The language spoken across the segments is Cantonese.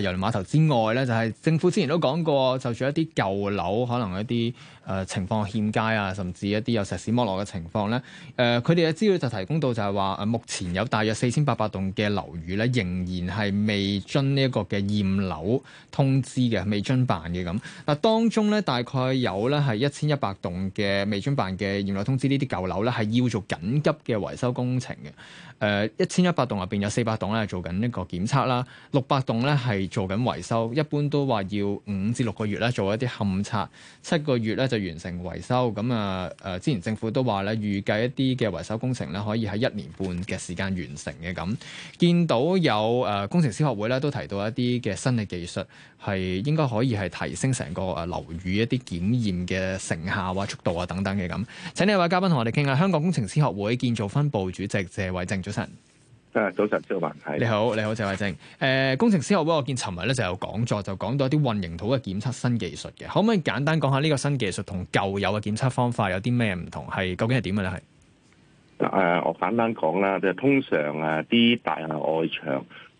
遊輪碼頭之外咧，就係政府之前都講過，就住一啲舊樓，可能一啲，誒、呃、情況欠佳啊，甚至一啲有石屎剝落嘅情況呢。誒、呃，佢哋嘅資料就提供到就係話，目前有大約四千八百棟嘅樓宇呢，仍然係未遵呢一個嘅驗樓通知嘅，未遵辦嘅咁。嗱、呃，當中呢，大概有呢係一千一百棟嘅未遵辦嘅驗樓通知，呢啲舊樓呢，係要做緊急嘅維修工程嘅。誒、呃，一千一百棟入邊有四百棟呢做緊呢個檢測啦，六百棟呢，係做緊維修，一般都話要五至六個月呢，做一啲勘測，七個月呢。完成維修咁。啊誒，之前政府都話咧，預計一啲嘅維修工程咧，可以喺一年半嘅時間完成嘅。咁見到有誒工程師學會咧，都提到一啲嘅新嘅技術，係應該可以係提升成個誒樓宇一啲檢驗嘅成效啊、速度啊等等嘅。咁請呢位嘉賓同我哋傾下，香港工程師學會建造分部主席謝偉正早晨。早晨，周華係，你好，你好謝偉正。誒、呃，工程師學會，我見尋日咧就有講座，就講到一啲混凝土嘅檢測新技術嘅，可唔可以簡單講下呢個新技術同舊有嘅檢測方法有啲咩唔同？係究竟係點嘅咧？係、呃、誒，我簡單講啦，就係通常啊，啲大廈外牆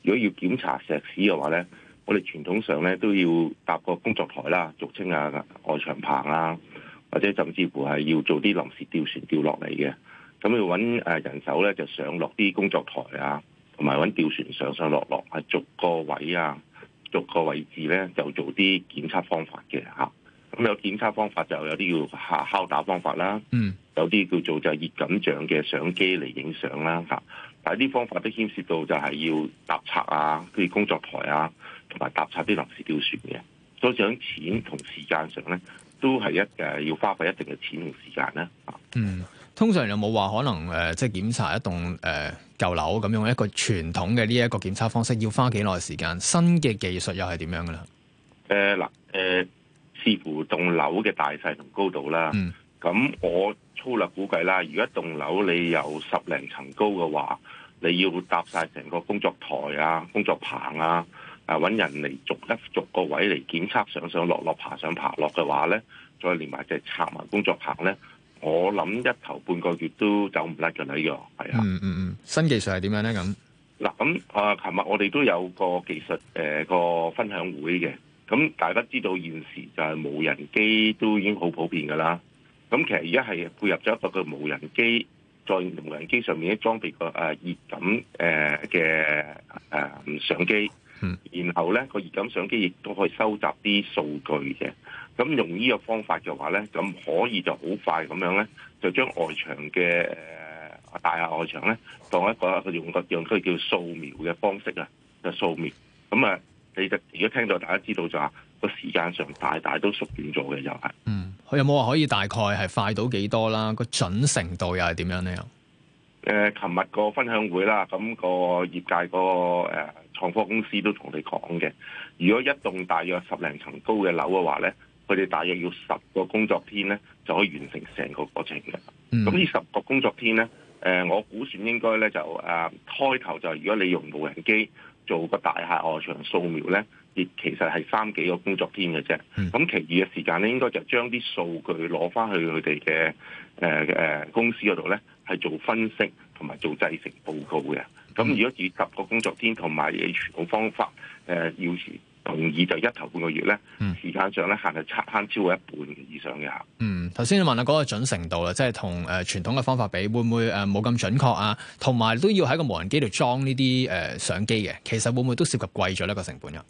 如果要檢查石屎嘅話咧，我哋傳統上咧都要搭個工作台啦，俗稱啊外牆棚啊，或者甚至乎係要做啲臨時吊船吊落嚟嘅。咁要揾人手咧，就上落啲工作台啊，同埋揾吊船上上落落，係逐個位啊，逐個位置咧就做啲檢測方法嘅嚇。咁有檢測方法就有啲叫敲敲打方法啦，嗯，有啲叫做就係熱感像嘅相機嚟影相啦嚇。但係啲方法都牽涉到就係要搭拆啊，啲工作台啊，同埋搭拆啲臨時吊船嘅，所以響錢同時間上咧都係一誒要花費一定嘅錢同時間啦嚇。嗯。通常有冇話可能誒、呃，即係檢查一棟誒舊樓，咁用一個傳統嘅呢一個檢測方式，要花幾耐時間？新嘅技術又係點樣嘅啦？誒、呃、嗱，誒視乎棟樓嘅大細同高度啦。咁、嗯、我粗略估計啦，如果一棟樓你有十零層高嘅話，你要搭晒成個工作台啊、工作棚啊，誒搵人嚟逐一逐個位嚟檢測上上落落爬上，爬，上爬落嘅話咧，再連埋即係拆埋工作棚咧。我諗一頭半個月都走唔甩嘅呢樣，係啊。嗯嗯嗯，新技術係點樣咧？咁嗱，咁啊，琴日我哋都有個技術誒、呃、個分享會嘅。咁大家知道現時就係無人機都已經好普遍噶啦。咁其實而家係配合咗一個無人機，再無人機上面咧裝備個誒熱感誒嘅誒相機。然後咧，個熱感相機亦都可以收集啲數據嘅。咁用呢個方法嘅話咧，咁可以就好快咁樣咧，就將外牆嘅大廈外牆咧，當一個用一個用佢叫掃描嘅方式啊，就掃描。咁啊，你實而家聽到大家知道就話個時間上大大都縮短咗嘅，又係。嗯，有冇話可以大概係快到幾多啦？個準程度又係點樣咧？誒、呃，琴日個分享會啦，咁個業界個誒。呃創科公司都同你哋講嘅，如果一棟大約十零層高嘅樓嘅話咧，佢哋大約要十個工作天咧就可以完成成個過程嘅。咁、mm. 呢十個工作天咧，誒，我估算應該咧就誒、啊、開頭就如果你用無人機做個大廈外牆掃描咧，亦其實係三幾個工作天嘅啫。咁、mm. 其餘嘅時間咧，應該就將啲數據攞翻去佢哋嘅誒誒公司嗰度咧，係做分析同埋做製成報告嘅。咁如果二十個工作天同埋傳統方法，誒要同意就一頭半個月咧，時間上咧梗係慳返超過一半以上嘅吓，嗯，頭先你問下嗰個準程度啦，即係同誒傳統嘅方法比，會唔會誒冇咁準確啊？同埋都要喺個無人機度裝呢啲誒相機嘅，其實會唔會都涉及貴咗呢個成本㗎？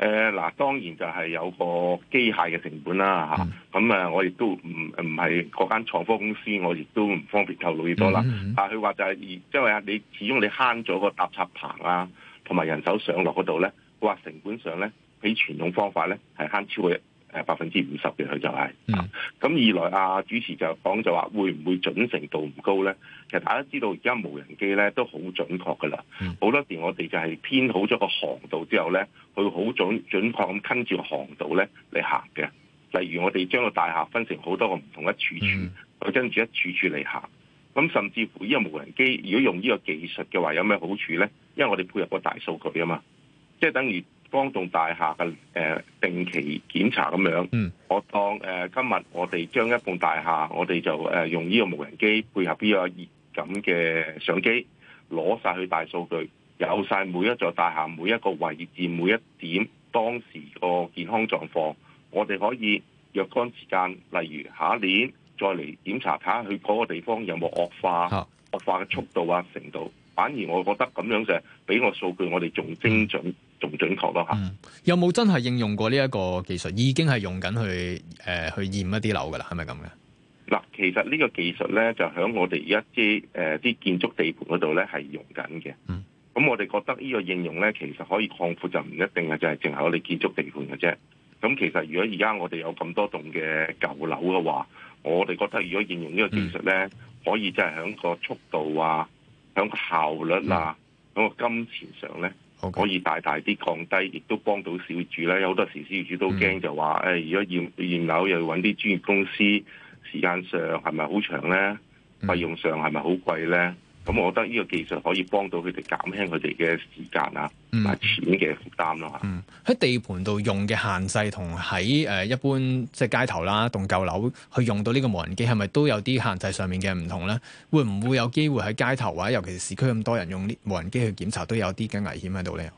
誒、呃、嗱，當然就係有個機械嘅成本啦吓咁，mm. 啊，我亦都唔唔係嗰間創科公司，我亦都唔方便透露咁多啦。但係佢話就係，因為你始終你慳咗個搭插棚啊，同埋人手上落嗰度咧，佢話成本上咧比傳統方法咧係慳超過。誒百分之五十嘅佢就係、是，咁、嗯、二來啊主持就講就話會唔會準成度唔高咧？其實大家都知道而家無人機咧都好準確噶啦，好、嗯、多時我哋就係編好咗個航道之後咧，佢好準準確咁跟住個航道咧嚟行嘅。例如我哋將個大廈分成好多個唔同柱柱、嗯、一處處，佢跟住一處處嚟行。咁甚至乎呢個無人機，如果用呢個技術嘅話，有咩好處咧？因為我哋配合個大數據啊嘛，即、就、係、是、等於。幫棟大廈嘅定期檢查，咁樣、嗯，我當、呃、今日我哋將一棟大廈，我哋就、呃、用呢個無人機配合呢個熱感嘅相機，攞晒佢大數據，有晒每一座大廈、每一個位置、每一點當時個健康狀況，我哋可以若干時間，例如下一年再嚟檢查下，睇下佢嗰個地方有冇惡化，惡化嘅速度啊、程度，反而我覺得咁樣就係俾我數據，我哋仲精準。嗯仲準確咯嚇、嗯！有冇真係應用過呢一個技術？已經係用緊去誒、呃、去驗一啲樓㗎啦，係咪咁嘅？嗱，其實呢個技術咧就喺我哋一啲誒啲建築地盤嗰度咧係用緊嘅。咁、嗯、我哋覺得呢個應用咧，其實可以擴闊就不，就唔一定係就係淨係我哋建築地盤嘅啫。咁其實如果而家我哋有咁多棟嘅舊樓嘅話，我哋覺得如果應用呢個技術咧、嗯，可以就係喺個速度啊、喺個效率啊、喺、嗯、個金錢上咧。Okay. 可以大大啲降低，亦都幫到小主呢，有好多時，小主都驚，嗯，就話，哎，如果驗驗樓又要搵啲專業公司，時間上係咪好長咧？費用上係咪好貴咧？咁我覺得呢個技術可以幫到佢哋減輕佢哋嘅時間啊、埋、嗯、錢嘅負擔咯嚇。喺地盤度用嘅限制同喺一般即係街頭啦、棟舊樓去用到呢個無人機，係咪都有啲限制上面嘅唔同咧？會唔會有機會喺街頭或者尤其是市區咁多人用呢無人機去檢查，都有啲嘅危險喺度咧？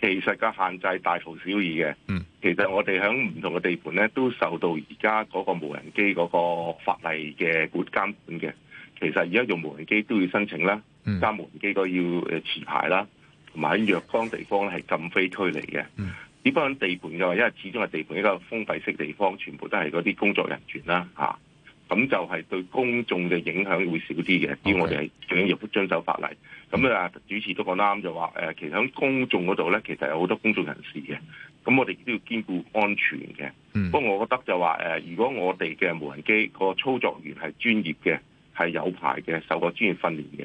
其實個限制大同小異嘅。嗯，其實我哋喺唔同嘅地盤咧，都受到而家嗰個無人機嗰個法例嘅管監管嘅。其實而家用無人機都要申請啦，加無人機都要誒持牌啦，同埋喺若干地方咧係禁飛區嚟嘅。只不過地盤嘅話，因為始終係地盤一個封閉式地方，全部都係嗰啲工作人員啦嚇，咁、啊、就係對公眾嘅影響會少啲嘅。依、okay，我哋係仲要遵守法例。咁、嗯、啊，主持都講啱就話誒，其實喺公眾嗰度咧，其實有好多公眾人士嘅，咁我哋都要兼顧安全嘅、嗯。不過我覺得就話誒，如果我哋嘅無人機個操作員係專業嘅。係有牌嘅，受過專業訓練嘅。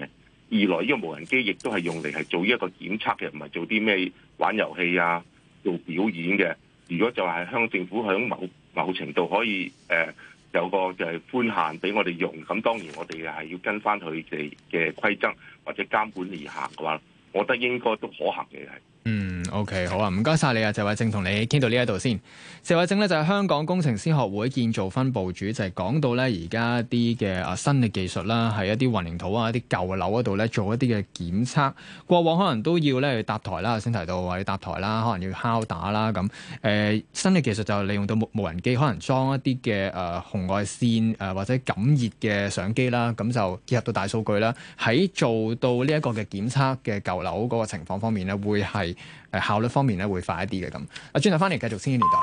二來，呢個無人機亦都係用嚟係做呢一個檢測嘅，唔係做啲咩玩遊戲啊、做表演嘅。如果就係香港政府響某某程度可以誒、呃、有個就係寬限俾我哋用，咁當然我哋係要跟翻佢哋嘅規則或者監管而行嘅話，我覺得應該都可行嘅係。嗯，OK，好啊，唔該晒你啊，謝偉正同你傾到呢一度先。謝偉正咧就係香港工程師學會建造分部主，就係、是、講到咧而家啲嘅啊新嘅技術啦，喺一啲混凝土啊、一啲舊嘅樓嗰度咧做一啲嘅檢測。過往可能都要咧搭台啦，先提到話要搭台啦，可能要敲打啦咁、呃。新嘅技術就利用到無人機，可能裝一啲嘅誒紅外線誒或者感熱嘅相機啦，咁就結合到大數據啦，喺做到呢一個嘅檢測嘅舊樓嗰個情況方面咧，會係。誒效率方面咧會快一啲嘅咁，啊轉頭翻嚟繼續《千禧年代》。